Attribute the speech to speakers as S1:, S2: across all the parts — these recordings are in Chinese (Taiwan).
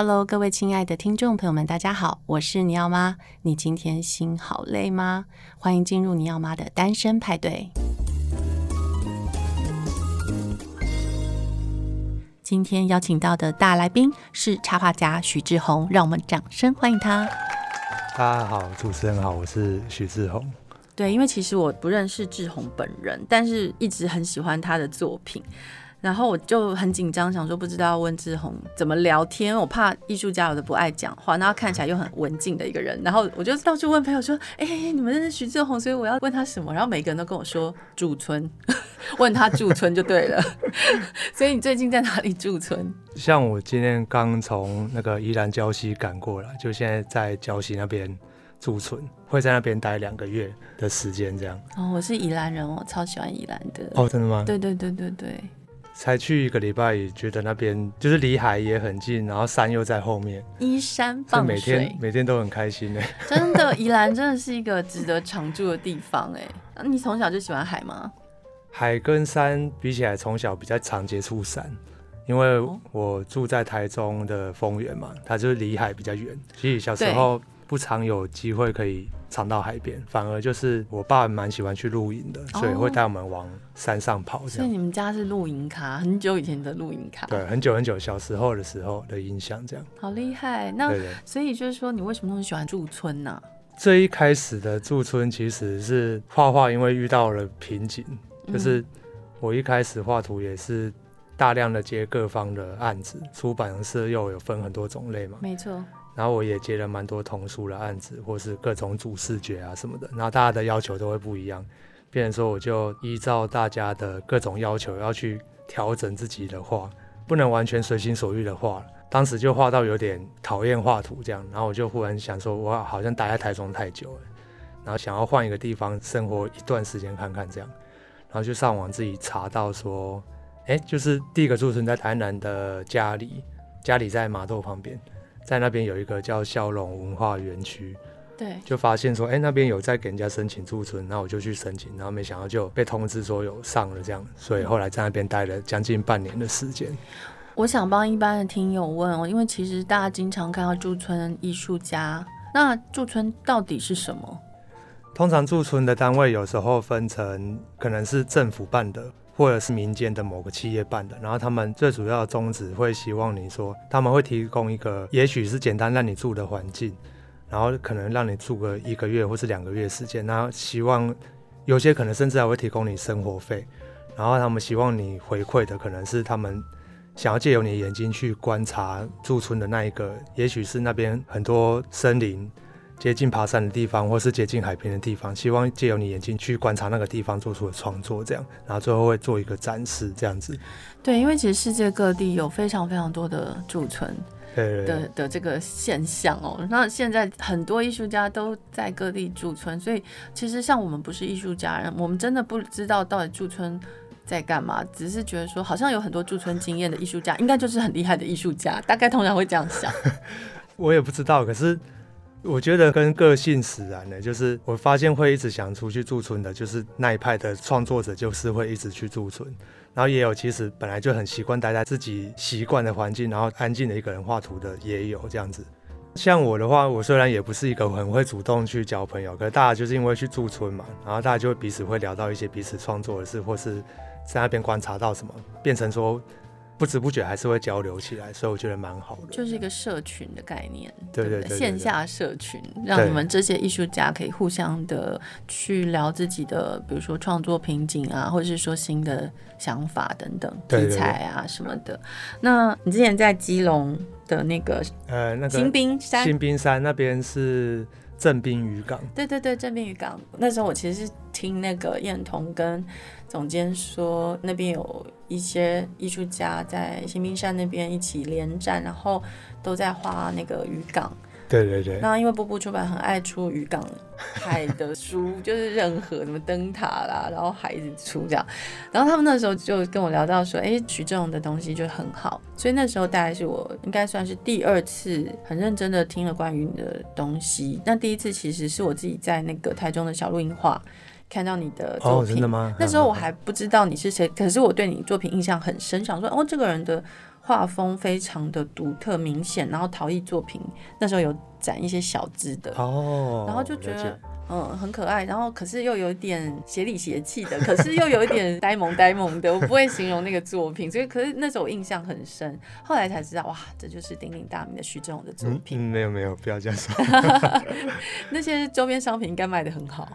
S1: Hello，各位親愛的聽眾朋友們，大家好，我是尼奧媽。你今天心好累嗎？歡迎進入尼奧媽的單身派對。今天邀請到的大來賓是插畫家徐至宏，讓我們掌聲歡迎他。
S2: 大家好，主持人好，我是徐至宏。
S1: 對，因為其實我不認識至宏本人，但是一直很喜歡他的作品。然後我就很緊張，想說不知道要問至宏怎麼聊天，我怕藝術家有的不愛講話，然後看起來又很文靜的一個人。然後我就到處問朋友說：“哎，你們認識徐至宏，所以我要問他什麼？”然後每個人都跟我說：“駐村， 問他駐村就對了。” 所以你最近在哪裡駐村？
S2: 像我今天剛從那個宜蘭礁溪趕過來，就現在在礁溪那邊駐村，會在那邊待兩個月的時間這樣。
S1: 哦，我是宜蘭人，我超喜歡宜蘭的。哦，真的嗎？對對對對對。
S2: 才去一個禮拜也覺得那邊就是離海也很近，然後山又在後面，
S1: 依山傍水，每天
S2: 每天都很開心呢、欸。
S1: 真的，宜蘭真的是一個值得常住的地方哎、欸。那 你從小就喜歡海嗎？
S2: 海跟山比起來，從小比較常接觸山，因為我住在台中的豐原嘛，它就是離海比較遠，所以小時候。不常有機會可以常到海邊，反而就是我爸蠻喜歡去露營的，所以會帶我們往山上跑這樣、哦。
S1: 所以你們家是露營咖，很久以前的露營咖。
S2: 對，很久很久，小時候的時候的印象這
S1: 樣。好厲害！那對對對，所以就是說，你為什麼那麼喜歡駐村呢、啊？
S2: 最一開始的駐村其實是畫畫，因為遇到了瓶頸，就是我一開始畫圖也是大量的接各方的案子，嗯、出版社又有分很多種類嘛。沒錯。然後我也接了蠻多童書的案子，或是各種主視覺啊什麼的。然後大家的要求都會不一樣，變成說我就依照大家的各種要求要去調整自己的畫，不能完全隨心所欲的畫。當時就畫到有點討厭畫圖這樣，然後我就忽然想說，我好像待在台中太久了，然後想要換一個地方生活一段時間看看這樣，然後就上網自己查到說，哎，就是第一個出生在台南的家裡，家裡在麻豆旁邊。在那邊有一個叫蕭壠文化園區，對，就發現說，哎、欸，那邊有在給人家申請駐村，那我就去申請，然後沒想到就被通知說有上了這樣，所以後來在那邊待了將近半年的時間，
S1: 嗯。我想幫一般的聽友問哦，因為其實大家經常看到駐村藝術家，那駐村到底是什麼？
S2: 通常駐村的單位有時候分成，可能是政府辦的。或者是民間的某個企業辦的，然後他們最主要的宗旨會希望你說，他們會提供一個也許是簡單讓你住的環境，然後可能讓你住個一個月或是兩個月時間。然後希望，有些可能甚至還會提供你生活費，然後他們希望你回饋的可能是他們想要借由你的眼睛去觀察駐村的那一個，也許是那邊很多森林。接近爬山的地方，或是接近海邊的地方，希望借由你眼睛去觀察那個地方做出的創作，這樣，然後最後會做一個展示，這樣子。
S1: 對，因為其實世界各地有非常非常多的駐村的，對對對的，的這個現象哦。那現在很多藝術家都在各地駐村，所以其實像我們不是藝術家人，我們真的不知道到底駐村在幹嘛，只是覺得說好像有很多駐村經驗的藝術家， 應該就是很厲害的藝術家，大概通常會這樣想。
S2: 我也不知道，可是。我覺得跟個性使然的，就是我發現會一直想出去駐村的，就是那一派的創作者，就是會一直去駐村。然後也有其實本來就很習慣待在自己習慣的環境，然後安靜的一個人畫圖的也有這樣子。像我的話，我雖然也不是一個很會主動去交朋友，可是大家就是因為去駐村嘛，然後大家就會彼此會聊到一些彼此創作的事，或是在那邊觀察到什麼，變成說。不知不覺還是會交流起來，所以我覺得蠻好的，
S1: 就是一個社群的概念，對對對，線下社群讓你們這些藝術家可以互相的去聊自己的，對比如說創作瓶頸啊，或者是說新的想法等等，對對對，題材啊什麼的。那你之前在基隆的那個
S2: 呃那個星濱山，呃那個、星濱山那邊是正濱漁港，
S1: 對對對，正濱漁港。那時候我其實是聽那個燕彤跟總監說那邊有。一些藝術家在新兵山那邊一起聯展，然後都在畫那個漁港。對
S2: 對對。那因
S1: 為波波出版很愛出漁港海的書， 就是任何什麼燈塔啦，然後海一直出這樣。然後他們那時候就跟我聊到說，哎、欸，徐至宏的東西就很好。所以那時候大概是我應該算是第二次很認真的聽了關於你的東西。那第一次其實是我自己在那個台中的小路映畫。看到你的作品，哦、真的嗎？那時候我還不知道你是誰，嗯、可是我對你作品印象很深，嗯、想說哦，這個人的畫風非常的獨特明顯，然後陶藝作品那時候有展一些小資的哦，然後就覺得解嗯很可愛，然後可是又有點邪裡邪氣的， 可是又有一點呆萌呆萌的，我不會形容那個作品，所以可是那時候我印象很深，後來才知道哇，這就是鼎鼎大名的徐至宏的作
S2: 品，嗯。沒有沒有，不要這樣說，
S1: 那些周邊商品應該賣得很好。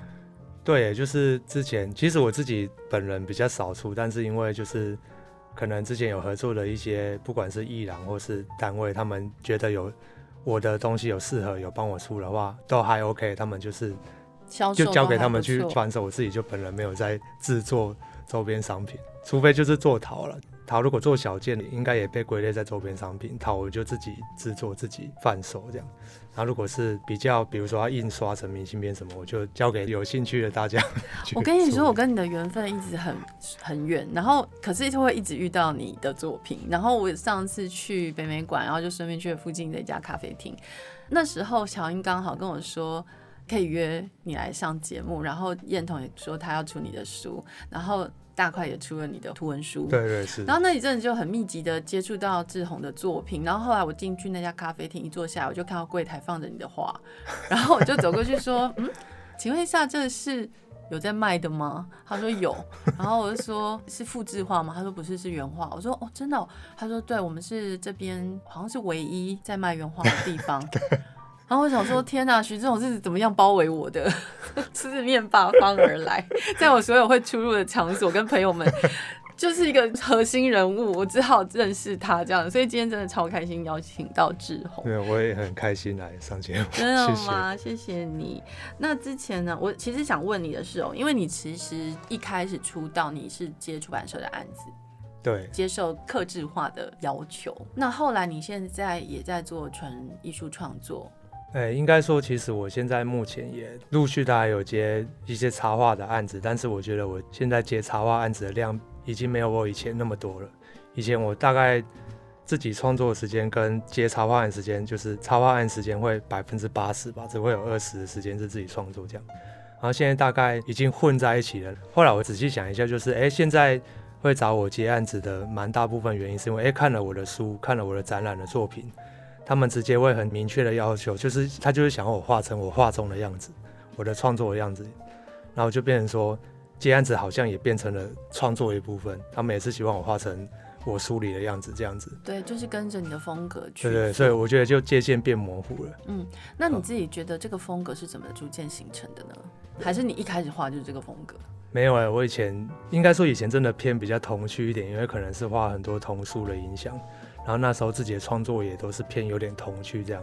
S2: 對，就是之前其實我自己本人比較少出，但是因為就是可能之前有合作的一些，不管是藝人或是單位，他們覺得有我的東西有適合有幫我出的話，都還 OK，他們就是就交給他們去轉售，我自己就本人沒有在製作周邊商品。除非就是做陶了，陶如果做小件，應該也被歸類在周邊商品上。陶我就自己制作自己販售這樣。然後如果是比較，比如說要印刷成明信片什麼，我就交給有興趣的大家。
S1: 我跟你說， 我跟你的緣分一直很很遠，然後可是就會一直遇到你的作品。然後我上次去北美館，然後就順便去了附近的一家咖啡廳。那時候小英剛好跟我說可以約你來上節目，然後燕彤也說他要出你的書，然後。大塊也出了你的圖文書，對對是。然後那一陣子就很密集的接觸到志宏的作品。然後後來我進去那家咖啡廳，一坐下來我就看到櫃台放着你的畫，然後我就走過去說：“ 嗯，請問一下，這個、是有在賣的嗎？”他說有。然後我就說：“是複製畫嗎？”他說：“不是，是原畫。”我說：“哦，真的、哦？”他說：“對，我們是這邊好像是唯一在賣原畫的地方。” 然後我想說，天吶，徐至宏是怎麼樣包圍我的？四面八方而來，在我所有會出入的場所，跟朋友們就是一個核心人物。我只好認識他這樣。所以今天真的超開心，邀請到至宏。對，
S2: 我也很開心來上節目。真的嗎？
S1: 謝謝，謝謝你。那之前呢，我其實想問你的是哦，因為你其實一開始出道，你是接出版社的案子，對，接受客製化的要求。那後來你現在也在做純藝術創作。
S2: 哎、欸，應該說，其實我現在目前也陸續的還有接一些插畫的案子，但是我覺得我現在接插畫案子的量已經沒有我以前那麼多了。以前我大概自己創作的時間跟接插畫案時間，就是插畫案時間會百分之八十吧，只會有二十的時間是自己創作這樣。然後現在大概已經混在一起了。後來我仔細想一下，就是誒、欸，現在會找我接案子的蠻大部分原因是因為誒、欸，看了我的書，看了我的展覽的作品。他們直接會很明確的要求，就是他就是想要我畫成我畫中的樣子，我的創作的樣子，然後就變成說接案子好像也變成了創作一部分。他們也是希望我畫成我書裡的樣子，這樣子。
S1: 對，就是跟着你的風格去。對對，所以
S2: 我覺得就界限變模糊了。嗯，
S1: 那你自己覺得這個風格是怎麼逐漸形成的呢？嗯、還是你一開始畫就是這個風格？
S2: 沒有誒、欸，我以前應該說以前真的偏比較童趣一點，因為可能是畫很多童書的影響。然後那時候自己的創作也都是偏有點童趣這樣。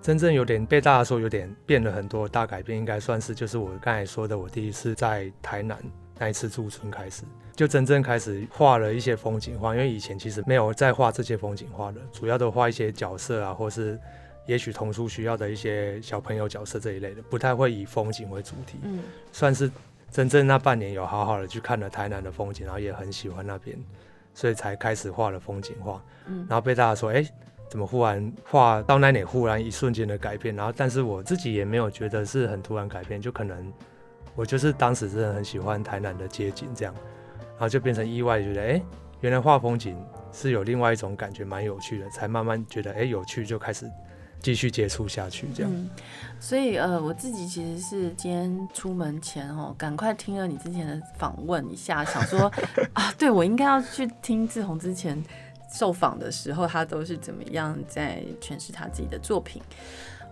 S2: 真正有點被大家說有點變了很多，大改變，應該算是就是我剛才說的，我第一次在台南那一次駐村開始，就真正開始畫了一些風景畫。因為以前其實沒有在畫這些風景畫的，主要都畫一些角色啊，或是也許童書需要的一些小朋友角色這一類的，不太會以風景為主題。嗯。算是。真正那半年有好好的去看了台南的風景，然後也很喜歡那邊，所以才開始畫了風景畫。嗯，然後被大家說，哎、欸，怎麼忽然畫到那裡忽然一瞬間的改變？然後，但是我自己也沒有覺得是很突然改變，就可能我就是當時真的很喜歡台南的街景這樣，然後就變成意外覺得，哎、欸，原來畫風景是有另外一種感覺，蠻有趣的，才慢慢覺得，哎、欸，有趣就開始。繼續接觸下去，這樣、嗯。
S1: 所以，呃，我自己其實是今天出門前哦，趕快聽了你之前的訪問一下， 想說啊，對，我應該要去聽志宏之前受訪的時候，他都是怎麼樣在詮釋他自己的作品。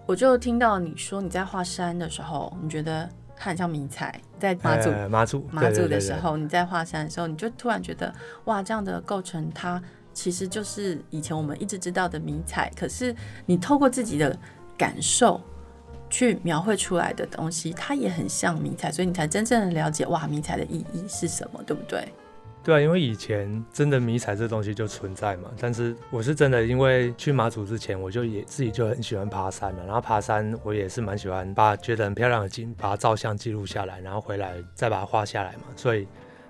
S1: 我就聽到你說你在畫山的時候，你覺得他很像迷彩。在馬祖，哎哎哎、馬祖，馬祖的時候，對對對對，你在畫山的時候，你就突然覺得哇，這樣的構成他。其實就是以前我們一直知道的迷彩，可是你透過自己的感受去描繪出來的東西，它也很像迷彩，所以你才真正的了解，哇，迷彩的意義是什麼？對不對？
S2: 對啊，因為以前真的迷彩這東西就存在嘛。但是我是真的，因為去馬祖之前，我就也自己就很喜歡爬山嘛，然後爬山我也是蠻喜歡把覺得很漂亮的景把它照相記錄下來，然後回來再把它畫下來嘛，所以。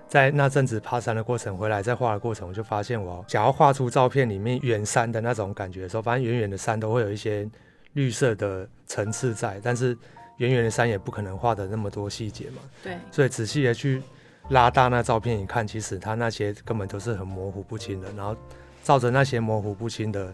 S2: 在那陣子爬山的過程，回來再畫的過程，我就發現我想要畫出照片裡面遠山的那種感覺的時候，反正遠遠的山都會有一些綠色的層次在，但是遠遠的山也不可能畫得那麼多細節嘛。對，所以仔細的去拉大那照片一看，其實它那些根本都是很模糊不清的，然後照着那些模糊不清的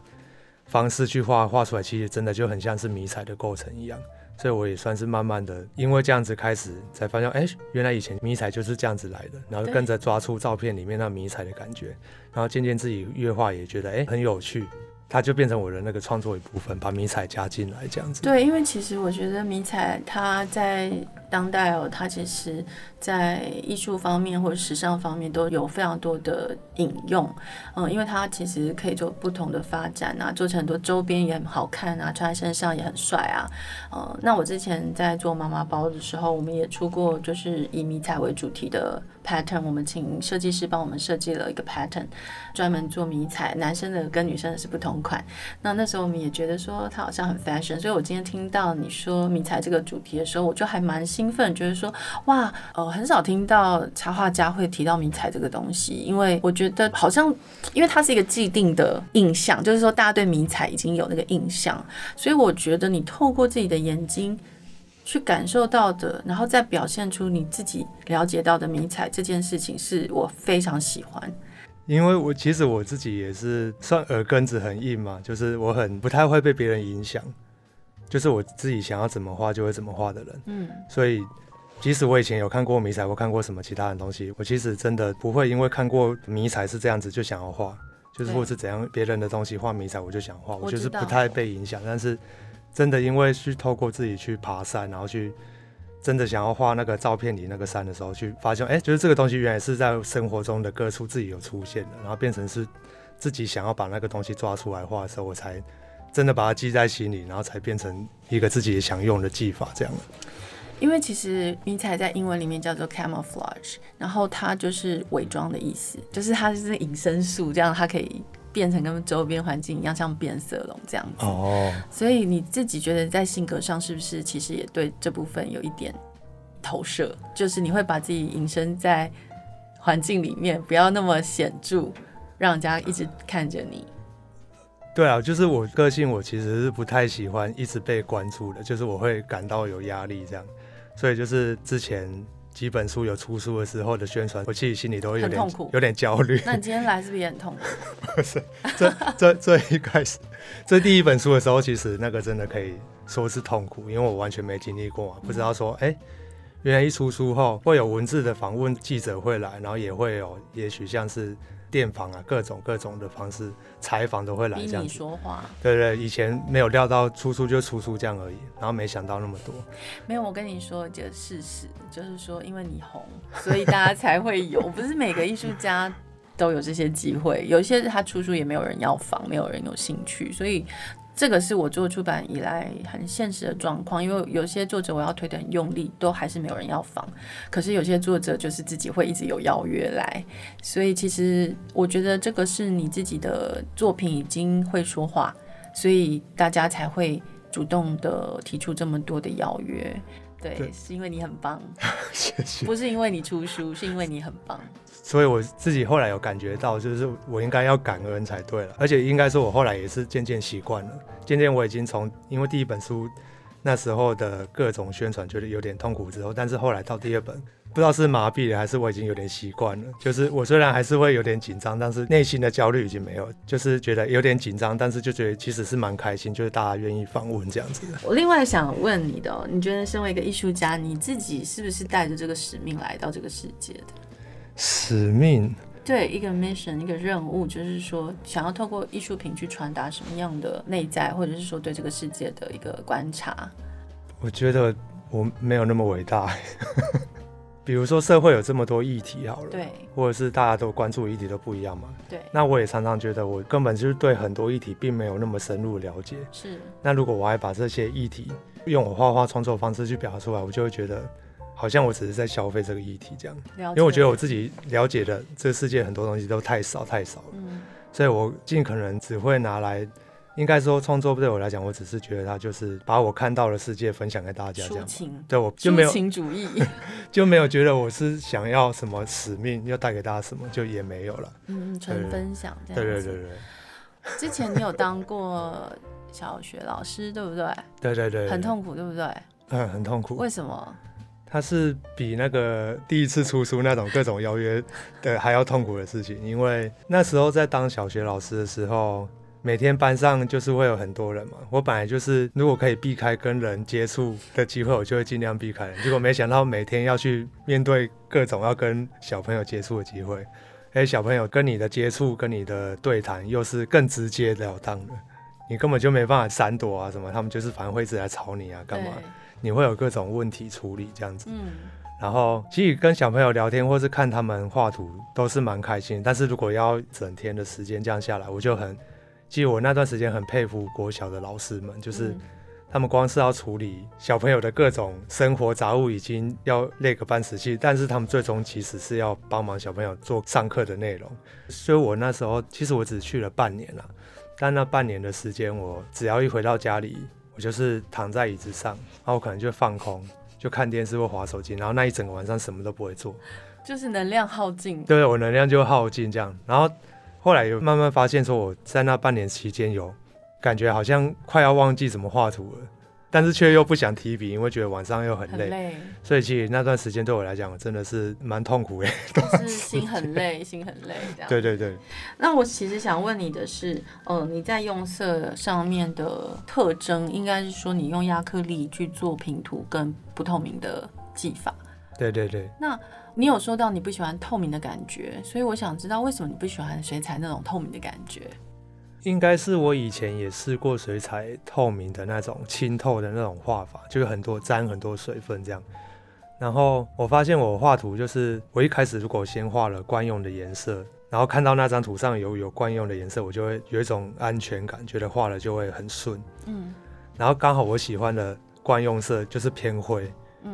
S2: 方式去畫畫出來，其實真的就很像是迷彩的過程一樣。所以我也算是慢慢的，因為這樣子開始才發現，哎，原來以前迷彩就是這樣子來的，然後跟着抓出照片裡面那迷彩的感覺，然後漸漸自己越畫也覺得，哎，很有趣，它就變成我的那個創作一部分，把迷彩加進來這樣子。
S1: 對，因為其實我覺得迷彩它在。當代哦，它其實在藝術方面或者時尚方面都有非常多的應用，嗯，因為它其實可以做不同的發展啊，做成很多周邊也很好看啊，穿在身上也很帥啊，呃、嗯，那我之前在做媽媽包的時候，我們也出過就是以迷彩為主題的 pattern，我們請設計師幫我們設計了一個 pattern，專門做迷彩，男生的跟女生的是不同款。那那時候我們也覺得說它好像很 fashion，所以我今天聽到你說迷彩這個主題的時候，我就還蠻。興奮，覺得說哇，呃，很少聽到插畫家會提到迷彩這個東西，因為我覺得好像，因為它是一個既定的印象，就是說大家對迷彩已經有那個印象，所以我覺得你透過自己的眼睛去感受到的，然後再表現出你自己了解到的迷彩這件事情，是我非常喜歡。
S2: 因為我其實我自己也是算耳根子很硬嘛，就是我很不太會被別人影響。就是我自己想要怎麼畫就會怎麼畫的人，嗯，所以即使我以前有看過迷彩或看過什麼其他的東西，我其實真的不會因為看過迷彩是這樣子就想要畫，就是或是怎樣別人的東西畫迷彩我就想畫，我就是不太被影響。但是真的因為去透過自己去爬山，然後去真的想要畫那個照片裡那個山的時候，去發現哎，就是這個東西原來是在生活中的各處自己有出現的，然後變成是自己想要把那個東西抓出來畫的時候，我才。真的把它記在心裡，然後才變成一個自己也想用的技法這樣。
S1: 因為其實迷彩在英文裡面叫做 camouflage，然後它就是偽裝的意思，就是它是隱身術，這樣它可以變成跟周邊環境一樣，像變色龍這樣子。哦。Oh. 所以你自己覺得在性格上是不是其實也對這部分有一點投射？就是你會把自己隱身在環境裡面，不要那麼顯著，讓人家一直看着你。
S2: 對啊，就是我個性，我其實是不太喜歡一直被關注的，就是我會感到有壓力這樣，所以就是之前幾本書有出書的時候的宣傳，我自己心裡都會有點痛苦，有點焦慮。 那你
S1: 今天來是不是也很痛苦？ 不
S2: 是，這這這一開始，這第一本書的時候，其實那個真的可以說是痛苦，因為我完全沒經歷過、啊，嗯、不知道說，哎、欸，原來一出書後會有文字的訪問，記者會來，然後也會有也許像是。電訪啊，各種各種的方式採訪都會來這樣。比你說話對對，以前沒有料到出書就出書這樣而已，然後沒想到那麼多。
S1: 沒有，我跟你說一個事實，就是說因為你紅，所以大家才會有。 不是每個藝術家都有這些機會，有些他出書也沒有人要訪，沒有人有興趣，所以。這個是我做出版以來很現實的狀況，因為有些作者我要推的很用力，都還是沒有人要仿。可是有些作者就是自己會一直有邀約來，所以其實我覺得這個是你自己的作品已經會說話，所以大家才會主動的提出這麼多的邀約。對，這 是因為你很棒， 謝謝，不是因為你出書，是因為你很棒。
S2: 所以我自己後來有感覺到，就是我應該要感恩才對了，而且應該說，我後來也是漸漸習慣了。漸漸我已經從因為第一本書那時候的各種宣傳覺得有點痛苦之後，但是後來到第二本，不知道是麻痹了還是我已經有點習慣了。就是我雖然還是會有點緊張，但是內心的焦慮已經沒有，就是覺得有點緊張，但是就覺得其實是蠻開心，就是大家願意訪問這樣子的。
S1: 我另外想問你的哦，你覺得身為一個藝術家，你自己是不是帶着這個使命來到這個世界的？
S2: 使命，
S1: 對一個 mission，一個任務，就是說想要透過藝術品去傳達什麼樣的內在，或者是說對這個世界的一個觀察。
S2: 我覺得我沒有那麼偉大。 比如說社會有這麼多議題，好了，對，或者是大家都關注的議題都不一樣嘛，對。那我也常常覺得我根本就是對很多議題並沒有那麼深入了解。是。那如果我還把這些議題用我畫畫創作的方式去表達出來，我就會覺得。好像我只是在消費這個議題這樣，了解了。因為我覺得我自己了解的這個世界很多東西都太少太少了，嗯，所以我盡可能只會拿來，應該說創作對我來講，我只是覺得它就是把我看到的世界分享給大家這樣，情對我就沒有抒情主義， 就沒有覺得我是想要什麼使命要帶給大家什麼，就也沒有了，嗯，嗯，純分享這樣，對對對
S1: 對。之前你有當過小學老師對不對？
S2: 對對對。很痛苦對不對？嗯，很痛苦。為什麼？它是比那個第一次出書那種各種邀約的還要痛苦的事情，因為那時候在當小學老師的時候，每天班上就是會有很多人嘛。我本來就是如果可以避開跟人接觸的機會，我就會儘量避開。結果沒想到每天要去面對各種要跟小朋友接觸的機會，誒、欸，小朋友跟你的接觸、跟你的對談又是更直截了當的，你根本就沒辦法閃躲啊什麼。他們就是反而會一直來吵你啊，幹嘛？你會有各種問題處理這樣子，嗯，然後其實跟小朋友聊天或是看他們畫圖都是蠻開心。但是如果要整天的時間這樣下來，我就很，其實我那段時間很佩服國小的老師們，就是他們光是要處理小朋友的各種生活雜物已經要累個半死氣，但是他們最終其實是要幫忙小朋友做上課的內容。所以我那時候其實我只去了半年了，但那半年的時間，我只要一回到家裡。我就是躺在椅子上，然後我可能就會放空，就看電視或滑手機，然後那一整個晚上什麼都不會做，
S1: 就是能量耗盡。對，
S2: 我能量就耗盡這樣。然後後來又慢慢發現，說我在那半年期間有感覺好像快要忘記怎麼畫圖了。但是卻又不想提筆，因為覺得晚上又很累，很累，所以其實那段時間對我來講我真的是蠻痛苦哎，
S1: 是心很累，心很累這樣。 對對對。那我其實想問你的是，呃、哦，你在用色上面的特徵，應該是說你用壓克力去做平塗跟不透明的技法。
S2: 對對對。
S1: 那你有說到你不喜歡透明的感覺，所以我想知道為什麼你不喜歡水彩那種透明的感覺？
S2: 應該是我以前也試過水彩透明的那種清透的那種畫法，就有很多沾很多水分這樣。然後我發現我畫圖，就是我一開始如果先畫了慣用的顏色，然後看到那張圖上有有慣用的顏色，我就會有一種安全感，覺得畫了就會很順。嗯。然後剛好我喜歡的慣用色就是偏灰，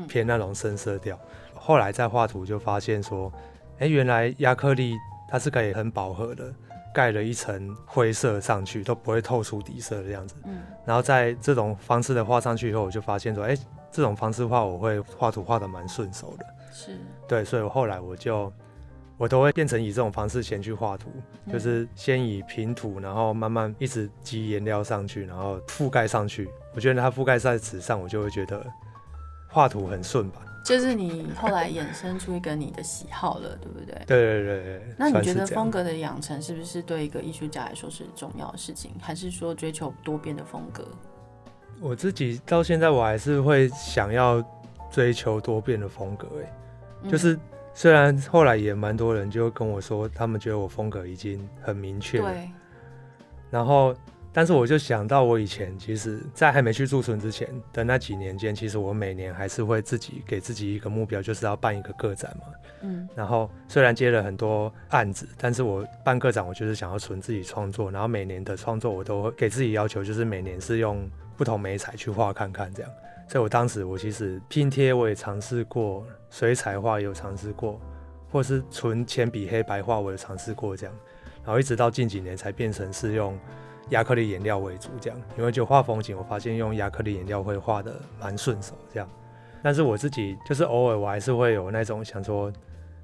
S2: 偏那種深色調。後來在畫圖就發現說，哎、欸，原來壓克力它是可以很飽和的。蓋了一層灰色上去都不會透出底色的這樣子，嗯，然後在這種方式的畫上去以後，我就發現說，哎、欸，這種方式畫我會畫圖畫得蠻順手的，是，對，所以我後來我就我都會變成以這種方式先去畫圖，嗯、就是先以平塗，然後慢慢一直積顏料上去，然後覆蓋上去。我覺得它覆蓋在紙上，我就會覺得畫圖很順吧。
S1: 就是你後來衍生出一個你的喜好了， 對不對？對對對對。那你覺得風格的養成是不是對一個藝術家來說是重要的事情，還是說追求多變的風格？
S2: 我自己到現在我還是會想要追求多變的風格，哎，就是雖然後來也蠻多人就跟我說，他們覺得我風格已經很明確了，對，然後。但是我就想到，我以前其實，在還沒去駐村之前的那幾年間，其實我每年還是會自己給自己一個目標，就是要辦一個個展嘛。嗯。然後雖然接了很多案子，但是我辦個展，我就是想要純自己創作。然後每年的創作，我都給自己要求，就是每年是用不同媒材去畫看看這樣。所以我當時我其實拼貼我也嘗試過，水彩畫有嘗試過，或是純鉛筆黑白畫，我也嘗試過這樣。然後一直到近幾年才變成是用，亞克力顏料為主，這樣，因為就畫風景，我發現用亞克力顏料會畫得蠻順手，這樣。但是我自己就是偶爾我還是會有那種想說，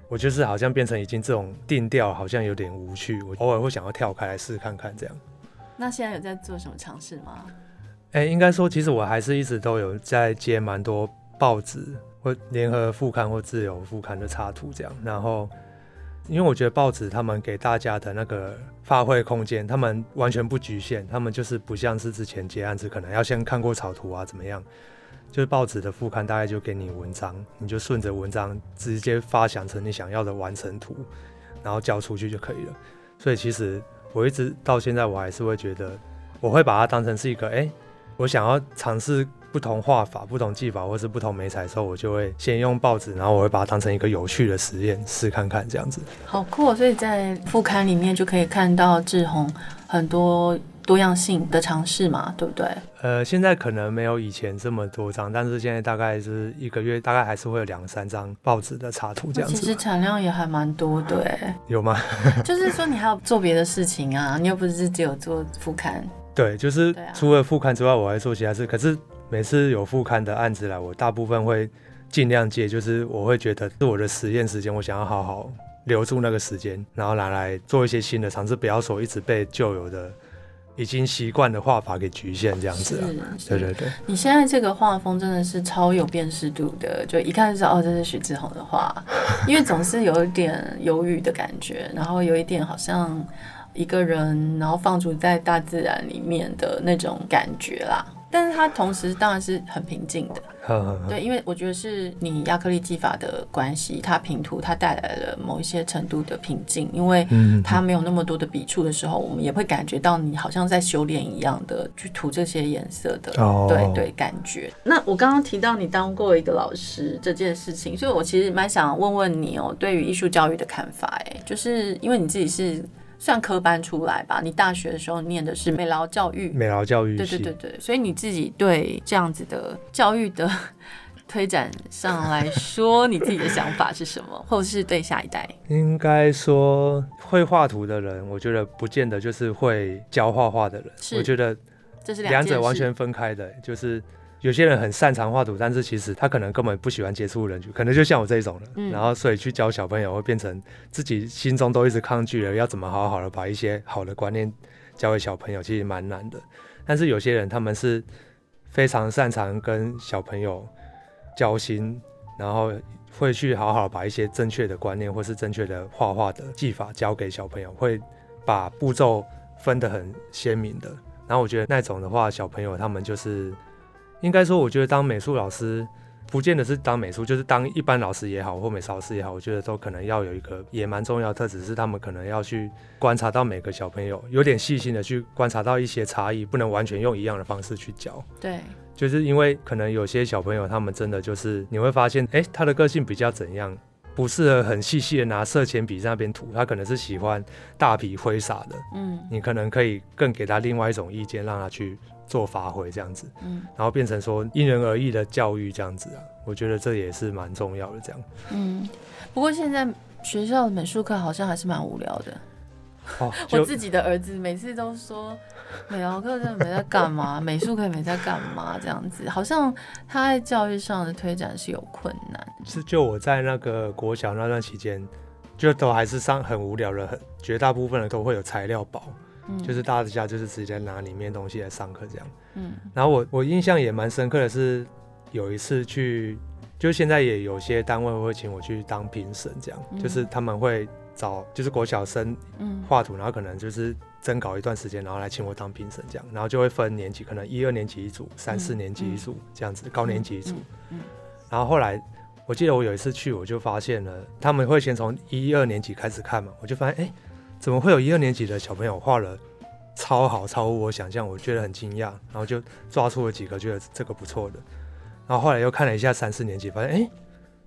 S2: 我就是好像變成已經這種定調，好像有點無趣，我偶爾會想要跳開來試試看看這樣。
S1: 那現在有在做什麼嘗試嗎？
S2: 誒、欸，應該說其實我還是一直都有在接蠻多報紙或聯合副刊或自由副刊的插圖這樣，然後。因為我覺得報紙他們給大家的那個發揮空間，他們完全不局限，他們就是不像是之前接案子可能要先看過草圖啊怎麼樣，就是報紙的副刊大概就給你文章，你就順着文章直接發想成你想要的完成圖，然後交出去就可以了。所以其實我一直到現在我還是會覺得，我會把它當成是一個哎、欸，我想要嘗試。不同畫法、不同技法，或是不同媒材的時候，我就會先用報紙，然後我會把它當成一個有趣的實驗試看看，這樣子。
S1: 好酷哦！所以在副刊裡面就可以看到志宏很多多樣性的嘗試嘛，對不對？
S2: 呃，現在可能沒有以前這麼多張，但是現在大概是一個月，大概還是會有兩三張報紙的插圖這樣子。其實
S1: 產量也還蠻多，對。有嗎？ 就是說你還要做別的事情啊，你又不是只有做副刊。
S2: 對，就是除了副刊之外，我還做其他事，可是。每次有副刊的案子來，我大部分會盡量接，就是我會覺得是我的實驗時間，我想要好好留住那個時間，然後拿來做一些新的嘗試，不要說一直被舊有的、已經習慣的畫法給局限這樣子啊。對
S1: 對對，你現在這個畫風真的是超有辨識度的，就一看就知道哦，這是徐至宏的畫， 因為總是有一點猶豫的感覺，然後有一點好像一個人，然後放逐在大自然裡面的那種感覺啦。但是它同時當然是很平靜的， 對，因為我覺得是你亞克力技法的關係，它平塗，它帶來了某一些程度的平靜，因為它沒有那麼多的筆觸的時候，我們也會感覺到你好像在修煉一樣的去塗這些顏色的， 對對對，感覺。 那我剛剛提到你當過一個老師這件事情，所以我其實蠻想問問你哦，對於藝術教育的看法哎，就是因為你自己是。算科班出來吧，你大學的時候念的是美勞教育，美勞教育。對對對對，所以你自己對這樣子的教育的推展上來說， 你自己的想法是什麼？ 或者是對下一代？
S2: 應該說會畫圖的人，我覺得不見得就是會教畫畫的人，是我覺得這是兩者完全分開的，是就是。有些人很擅長畫圖，但是其實他可能根本不喜歡接觸人群，可能就像我這一種的。嗯、然後，所以去教小朋友會變成自己心中都一直抗拒了，要怎麼好好的把一些好的觀念教給小朋友，其實蠻難的。但是有些人他們是非常擅長跟小朋友交心，然後會去好好把一些正確的觀念或是正確的畫畫的技法教給小朋友，會把步驟分得很鮮明的。然後我覺得那種的話，小朋友他們就是。應該說，我覺得當美術老師，不見得是當美術，就是當一般老師也好，或美術老師也好，我覺得都可能要有一個也蠻重要的特質，是他們可能要去觀察到每個小朋友，有點細心的去觀察到一些差異，不能完全用一樣的方式去教。對，就是因為可能有些小朋友，他們真的就是你會發現，哎、欸，他的個性比較怎樣，不適合很細細的拿色鉛筆在那邊塗，他可能是喜歡大筆揮灑的。嗯，你可能可以更給他另外一種意見，讓他去。做發揮這樣子，嗯，然後變成說因人而異的教育這樣子啊，嗯、我覺得這也是蠻重要的這樣。
S1: 嗯，不過現在學校的美術課好像還是蠻無聊的。哦。 我自己的兒子每次都說，美術課真的沒在幹嘛。 美術課也沒在幹嘛？這樣子，好像他在教育上的推展是有困難。是，就
S2: 我在那個國小那段期間，就都還是上很無聊的，很絕大部分人都會有材料包。就是大家就是直接拿裡面東西來上課這樣，嗯，然後我我印象也蠻深刻的是，有一次去，就現在也有些單位會請我去當評審這樣，就是他們會找就是國小生，畫圖，然後可能就是徵稿一段時間，然後來請我當評審這樣，然後就會分年級，可能一二年級一組，三四年級一組這樣子，高年級一組，然後後來我記得我有一次去，我就發現了他們會先從一二年級開始看嘛，我就發現哎、欸。怎麼會有一二年級的小朋友畫了超好，超乎我想象，我覺得很驚訝，然後就抓出了幾個覺得這個不錯的，然後後來又看了一下三四年級，發現哎、欸，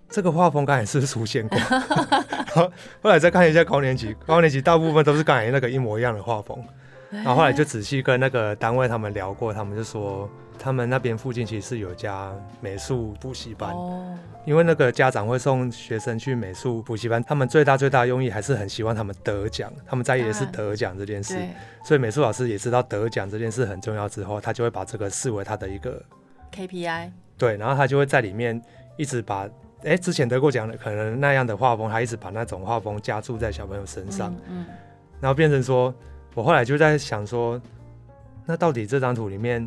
S2: 這個畫風剛才是不是出現過？ 後來再看一下高年級，高年級大部分都是剛才那個一模一樣的畫風，
S1: 然後後來就
S2: 仔細跟那個單位他們聊過，他們就說。他們那邊附近其實是有一家美術補習班，哦、因為那個家長會送學生去美術補習班，他們最大最大的用意還是很希望他們得獎，他們在意的是得獎這件事，啊、所以美術老師也知道得獎這件事很重要之後，他就會把這個視為他的一個 KPI，對，然後他就會在裡面一直把，哎、欸，之前得過獎的，可能那樣的畫風，他一直把那種畫風加注在小朋友身上，嗯，嗯，然後變成說，我後來就在想說，那到底這張圖裡面。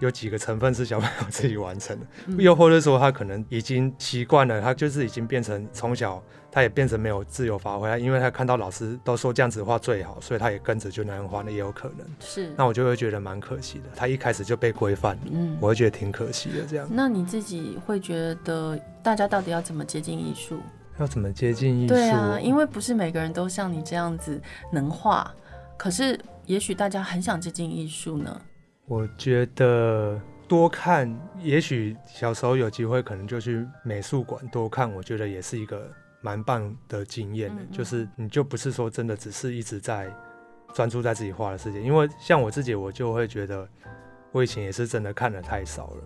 S2: 有幾個成分是小朋友自己完成的，又、嗯、或者說他可能已經習慣了，他就是已經變成從小他也變成沒有自由發揮，他因為他看到老師都說這樣子畫最好，所以他也跟着就那樣畫了，也有可能。是，那我就會覺得蠻可惜的，他一開始就被規範了，嗯、我會覺得挺可惜的這
S1: 樣子。那你自己會覺得大家到底要怎麼接近藝術？
S2: 要怎麼接近藝術？對啊，
S1: 因為不是每個人都像你這樣子能畫，可是也許大家很想接近藝術呢。
S2: 我覺得多看，也許小時候有機會，可能就去美術館多看，我覺得也是一個蠻棒的經驗的。就是你就不是說真的只是一直在專注在自己畫的世界，因為像我自己，我就會覺得我以前也是真的看得太少了，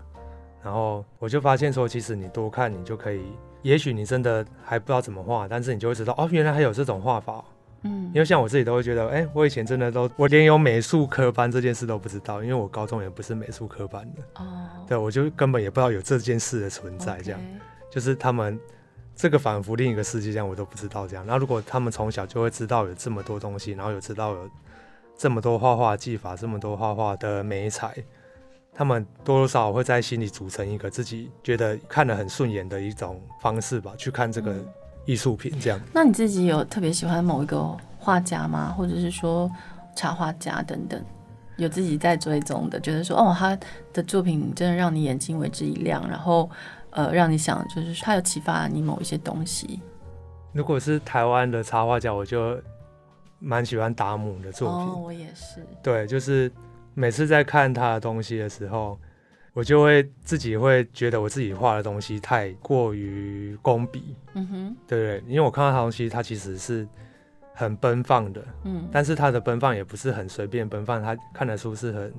S2: 然後我就發現說，其實你多看你就可以，也許你真的還不知道怎麼畫，但是你就會知道哦，原來還有這種畫法。嗯，因為像我自己都會覺得，哎、欸，我以前真的都，我連有美術科班這件事都不知道，因為我高中也不是美術科班的、oh. 對，我就根本也不知道有這件事的存在，這樣，Okay. 就是他們這個仿佛另一個世界，這樣我都不知道這樣。那如果他們從小就會知道有這麼多東西，然後有知道有這麼多畫畫技法，這麼多畫畫的媒材，他們多多少我會在心裡組成一個自己覺得看得很順眼的一種方式吧，去看這個。嗯藝術品這樣，
S1: 那你自己有特別喜歡某一個畫家嗎？或者是說插畫家等等，有自己在追蹤的，覺得說哦，他的作品真的讓你眼睛為之一亮，然後呃，讓你想就是他有啟發你某一些東西？
S2: 如果是台灣的插畫家，我就蠻喜歡達姆的作品。哦，我
S1: 也是。
S2: 對，就是每次在看他的東西的時候。我就會自己會覺得我自己畫的東西太過於工筆，嗯哼，對不對？因為我看到他東西，他其實是很奔放的，嗯，但是他的奔放也不是很隨便奔放，他看得出是很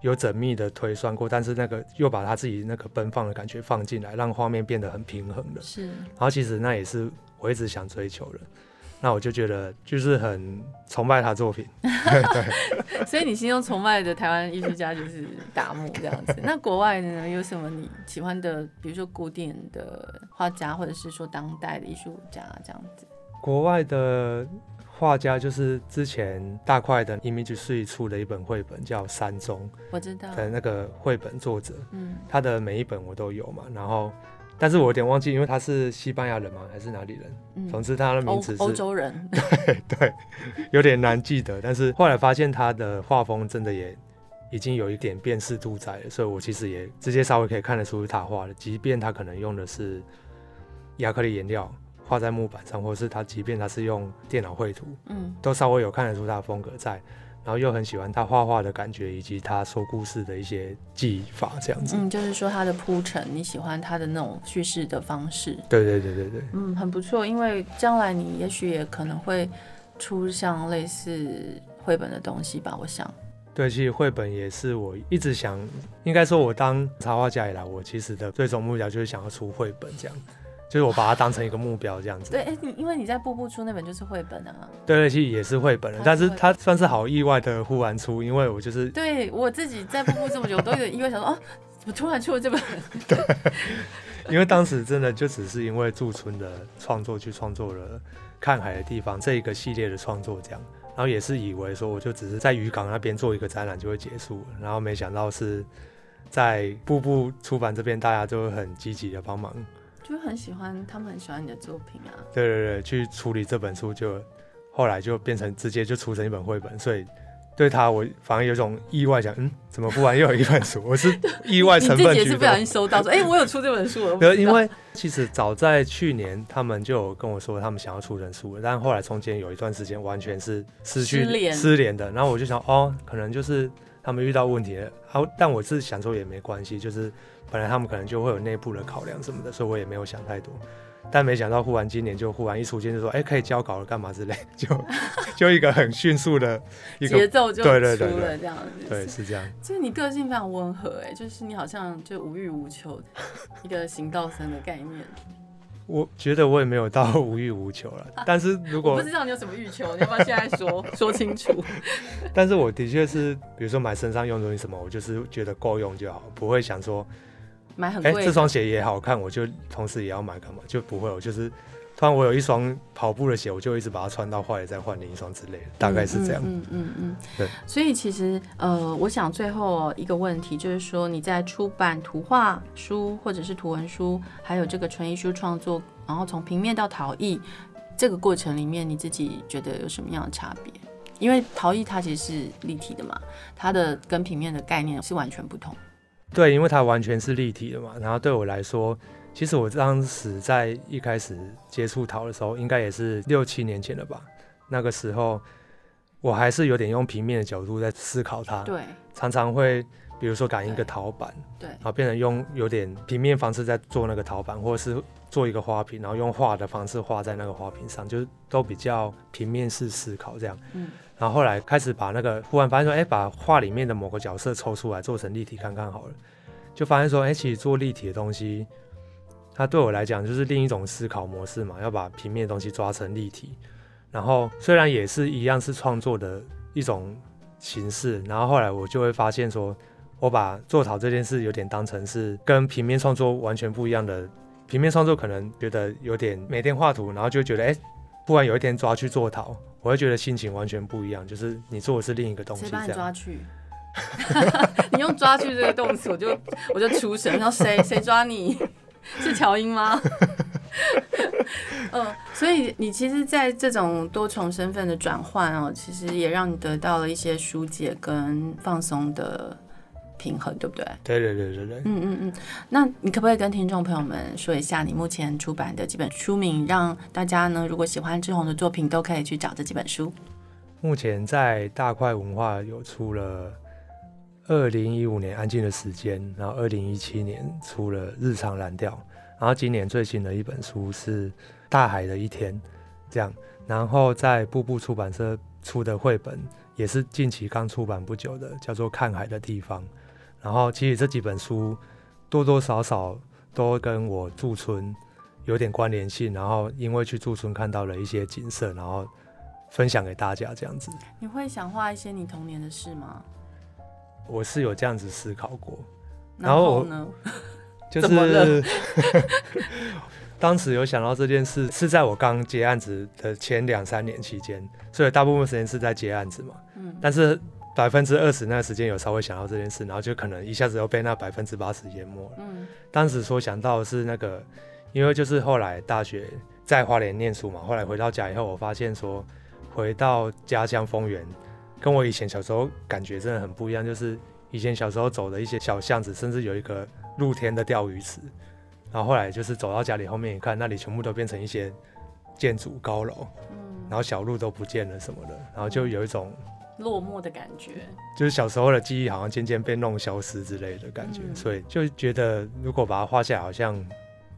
S2: 有縝密的推算過，但是那個又把他自己那個奔放的感覺放進來，讓畫面變得很平衡的，是。然後其實那也是我一直想追求的。那我就覺得就是很崇拜他作品，
S1: 所以你心中崇拜的台灣藝術家就是達木這樣子。 那國外呢？有什麼你喜歡的？比如說古典的畫家，或者是說當代的藝術家、啊、這樣子？
S2: 國外的畫家就是之前大塊的 Image suite 出的一本繪本叫繪本《山中》，我知道。的那個繪本作者，嗯，他的每一本我都有嘛，然後。但是我有點忘記，因為他是西班牙人嗎？還是哪裡人？嗯、總之他的名字是歐洲人對，對，有點難記得。 但是後來發現他的畫風真的也已經有一點辨識度在，所以我其實也直接稍微可以看得出他畫的，即便他可能用的是亞克力顏料畫在木板上，或是他即便他是用電腦繪圖，嗯，都稍微有看得出他的風格在。然後又很喜歡他畫畫的感覺，以及他說故事的一些技法這樣子。嗯，就
S1: 是說他的鋪陳，你喜歡他的那種敘事的方式。
S2: 對對對對對。嗯，
S1: 很不錯，因為將來你也許也可能會出像類似繪本的東西吧？我想。
S2: 對，其實繪本也是我一直想，應該說我當插畫家以來，我其實的最終目標就是想要出繪本這樣。所以，我把它當成一個目標，這樣子。
S1: 對，你、欸、因為你在步步出那本就是繪本啊。
S2: 對，其實也是繪本，但是它算是好意外的，忽然出，因為我就是
S1: 對我自己在步步這麼久， 我都有意外，想說，哦，怎、啊、麼突然出了這本？
S2: 對，因為當時真的就只是因為駐村的創作去創作了看海的地方這一個系列的創作這樣，然後也是以為說我就只是在漁港那邊做一個展覽就會結束，然後沒想到是在步步出版這邊，大家就很積極的幫忙。
S1: 就很喜歡他們，很
S2: 喜歡你的作品啊！對對對，去處理這本書就，就後來就變成直接就出成一本繪本，所以對他我反而有一種意外，想，嗯，怎麼忽然又有一本書？我是意外成分的， 你自己也是不小心收到，說哎、 欸，
S1: 我有出這本書了。因
S2: 為其實早在去年，他們就有跟我說他們想要出成書了，但後來中間有一段時間完全是失去失聯、失聯的，然後我就想哦，可能就是他們遇到問題了。好，但我是想說也沒關係，就是。本來他們可能就會有內部的考量什麼的，所以我也沒有想太多。但沒想到忽然今年就忽然，一出現就說：“哎、欸，可以交稿了，幹嘛之類。”就就一個很迅速的一個節 奏就的對對對，出了這樣子。對，是這樣。
S1: 就是你個性非常溫和，哎，就是你好像就無欲無求的 一個行道生的概念。
S2: 我覺得我也沒有到無欲無求了，但是如果 我不知
S1: 道你有什麼欲求，你要不要現在說 說清楚？
S2: 但是我的確是，比如說買身上用的東西什麼，我就是覺得夠用就好，不會想說。
S1: 買很貴、欸，這雙
S2: 鞋也好看，我就同時也要買幹嘛？就不會，我就是突然我有一雙跑步的鞋，我就一直把它穿到壞再換另一雙之類的，嗯、大概是這樣。嗯嗯嗯。嗯
S1: 嗯嗯對。所以其實呃，我想最後一個問題就是說，你在出版圖畫書或者是圖文書，還有這個純藝術創作，然後從平面到陶藝這個過程裡面，你自己覺得有什麼樣的差別？因為陶藝它其實是立體的嘛，它的跟平面的概念是完全不同。
S2: 對，因為它完全是立體的嘛。然後對我來說，其實我當時在一開始接觸陶的時候，應該也是六七年前了吧。那個時候，我還是有點用平面的角度在思考它。對，常常會比如說擀一個陶板，然後變成用有點平面的方式在做那個陶板，或者是做一個花瓶，然後用畫的方式畫在那個花瓶上，就是都比較平面式思考這樣。嗯然後後來開始把那個忽然發現說，哎，把畫裡面的某個角色抽出來做成立體看看好了，就發現說，哎，其實做立體的東西，它對我來講就是另一種思考模式嘛，要把平面的東西抓成立體。然後雖然也是一樣是創作的一種形式，然後後來我就會發現說，我把做陶這件事有點當成是跟平面創作完全不一樣的，平面創作可能覺得有點每天畫圖，然後就覺得，哎。不然有一天抓去做逃，我會覺得心情完全不一樣。就是你做的是另一個東西，誰把你抓
S1: 去？ 你用“抓去”這個動詞，我就我就出神。然後誰誰抓你？ 是喬英 嗎？ 嗯，所以你其實在這種多重身份的轉換哦，其實也讓你得到了一些疏解跟放鬆的。平衡對不對？
S2: 對對對對對。嗯嗯嗯，
S1: 那你可不可以跟聽眾朋友們說一下你目前出版的幾本書名，讓大家呢，如果喜歡至宏的作品，都可以去找這幾本書。
S2: 目前在大塊文化有出了二零一五年《安靜的時間》，然後二零一七年出了《日常藍調》，然後今年最新的一本書是《大海的一天》這樣。然後在步步出版社出的繪本也是近期剛出版不久的，叫做《看海的地方》。然後其實這幾本書多多少少都跟我駐村有點關聯性，然後因為去駐村看到了一些景色，然後分享給大家這樣子。
S1: 你會想畫一些你童年的事嗎？
S2: 我是有這樣子思考過，然後呢？然後我就是怎麼 當時有想到這件事是在我剛接案子的前兩三年期間，所以大部分時間是在接案子嘛。嗯，但是。百分之二十那個、時間有稍微想到這件事，然後就可能一下子又被那百分之八十淹沒了。嗯、當時所想到的是那個，因為就是後來大學在花蓮念書嘛，後來回到家以後，我發現說回到家鄉豐原跟我以前小時候感覺真的很不一樣。就是以前小時候走的一些小巷子，甚至有一個露天的釣魚池，然後後來就是走到家裡後面一看，那裡全部都變成一些建築高樓，嗯、然後小路都不見了什麼的，然後就有一種。
S1: 落寞的感覺，就
S2: 是小時候的記憶好像漸漸被弄消失之類的感覺，嗯，所以就覺得如果把它畫下來，好像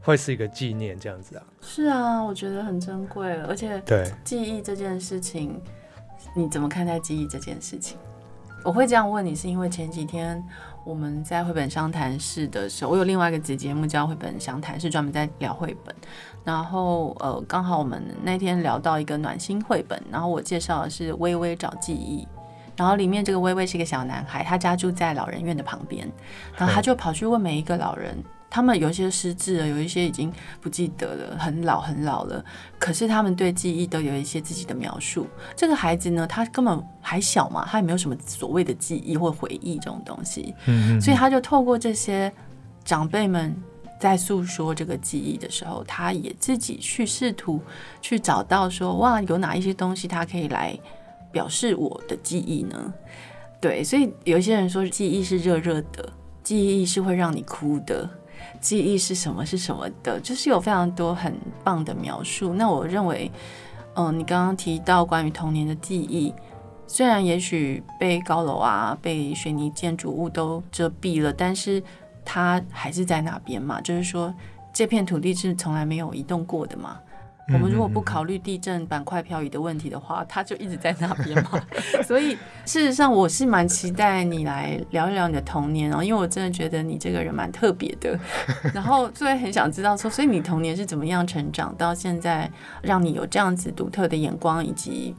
S2: 會是一個紀念這樣子啊。
S1: 是啊，我覺得很珍貴，而且對記憶這件事情，你怎麼看待記憶這件事情？我會這樣問你，是因為前幾天我們在繪本商談室的時候，我有另外一個節目叫《繪本商談室》，是專門在聊繪本。然後，呃，剛好我們那天聊到一個暖心繪本，然後我介紹的是《微微找記憶》，然後裡面這個微微是個小男孩，他家住在老人院的旁邊，然後他就跑去問每一個老人。他們有一些失智了，有一些已經不記得了，很老很老了。可是他們對記憶都有一些自己的描述。這個孩子呢，他根本還小嘛，他也沒有什麼所謂的記憶或回憶這種東西。嗯嗯。所以他就透過這些長輩們在訴說這個記憶的時候，他也自己去試圖去找到說，哇，有哪一些東西他可以來表示我的記憶呢？對，所以有一些人說記憶是熱熱的，記憶是會讓你哭的。記憶是什麼？是什麼的？就是有非常多很棒的描述。那我認為，嗯、呃，你剛剛提到關於童年的記憶，雖然也許被高樓啊、被水泥建築物都遮蔽了，但是它還是在那邊嘛。就是說，這片土地是從來沒有移動過的嘛？我們如果不考慮地震板塊漂移的問題的話，他就一直在那邊嘛。 所以事實上，我是蠻期待你來聊一聊你的童年哦、喔，因為我真的覺得你這個人蠻特別的。然後最很想知道說，所以你童年是怎麼樣成長到現在，讓你有這樣子獨特的眼光以及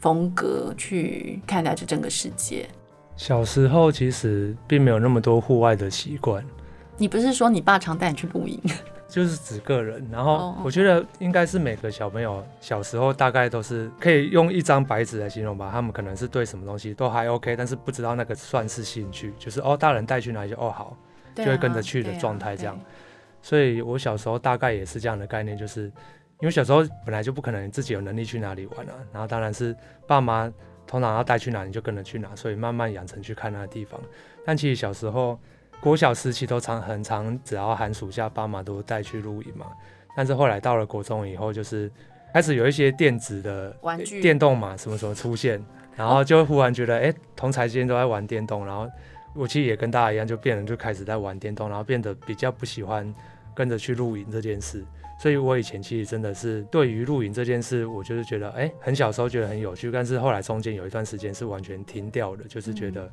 S1: 風格去看待這整個世界？
S2: 小時候其實並沒有那麼多戶外的習慣。
S1: 你不是說你爸常帶你去露營？
S2: 就是指個人，然後我覺得應該是每個小朋友小時候大概都是可以用一張白紙來形容吧。他們可能是對什麼東西都還 OK，但是不知道那個算是興趣，就是哦大人帶去哪裡就哦好，就會跟着去的狀態這樣。啊啊、所以我小時候大概也是這樣的概念，就是因為小時候本來就不可能自己有能力去哪裡玩了、啊，然後當然是爸媽通常要帶去哪裡就跟着去哪，所以慢慢養成去看那個地方。但其實小時候。國小時期都常很常，只要寒暑假爸媽都帶去露營嘛。但是後來到了國中以後，就是開始有一些電子的玩具、欸、電動嘛什麼什麼出現，然後就忽然覺得，誒、哦欸，同儕之間都在玩電動，然後我其實也跟大家一樣，就變了，就開始在玩電動，然後變得比較不喜歡跟着去露營這件事。所以我以前其實真的是對於露營這件事，我就是覺得，誒、欸，很小時候覺得很有趣，但是後來中間有一段時間是完全停掉的，就是覺得。嗯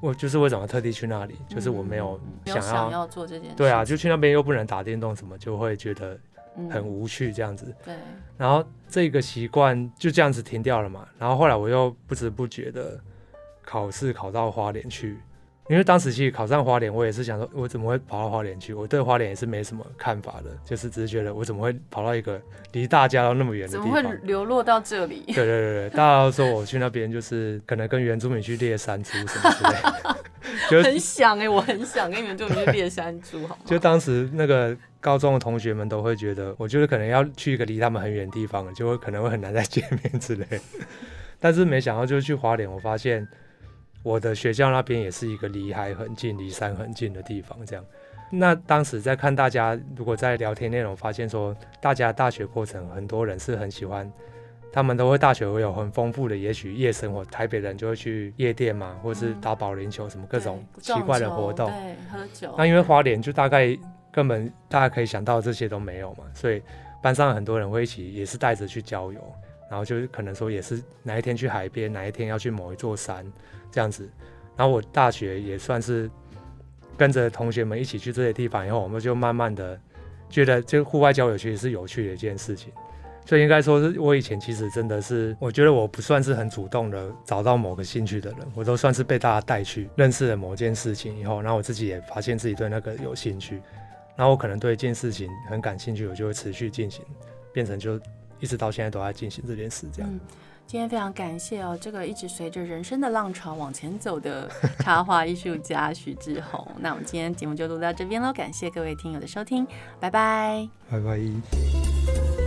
S2: 我就是為什麼特地去那裡？嗯、就是我沒有想要，要，想要做這件事，對啊，就去那邊又不能打電動什麼，就會覺得很無趣這樣子。嗯、對，然後這個習慣就這樣子停掉了嘛。然後後來我又不知不覺的考試考到花蓮去。因為當時去考上花蓮，我也是想說，我怎麼會跑到花蓮去？我對花蓮也是沒什麼看法的，就是只是覺得我怎麼會跑到一個離大家都那麼遠的
S1: 地方？怎麼會流落到
S2: 這裡？對對對對，大家都說我去那邊就是 可能跟原住民去獵山豬什麼之類的， 就很
S1: 想哎、欸，我很想跟你們做去獵山豬，
S2: 好嗎。就當時那個高中的同學們都會覺得，我就是可能要去一個離他們很遠的地方，就會可能會很難再見面之類的。但是沒想到，就是去花蓮，我發現。我的學校那邊也是一個離海很近，離山很近的地方，這樣。那當時在看大家，如果在聊天內容發現說，大家的大學過程，很多人是很喜歡，他們都會大學會有很豐富的，也許夜生活。台北人就會去夜店嘛，或是打保齡球什麼各種奇怪的活動，嗯、
S1: 喝酒。那因為
S2: 花蓮就大概根本大家可以想到這些都沒有嘛，所以班上很多人會一起，也是帶着去郊遊。然後就是可能說也是哪一天去海邊，哪一天要去某一座山這樣子。然後我大學也算是跟着同學們一起去這些地方以後，我們就慢慢的覺得，這個戶外交友其實是有趣的一件事情。所以應該說是我以前其實真的是，我覺得我不算是很主動的找到某個興趣的人，我都算是被大家帶去認識了某件事情以後，然後我自己也發現自己對那個有興趣。然後我可能對一件事情很感興趣，我就會持續進行，變成就。一直到現在都在進行這件事，這樣，
S1: 嗯。今天非常感謝哦，這個一直隨着人生的浪潮往前走的插畫藝術家徐至宏。 那我們今天節目就錄到這邊嘍，感謝各位聽友的收聽，拜拜，
S2: 拜拜。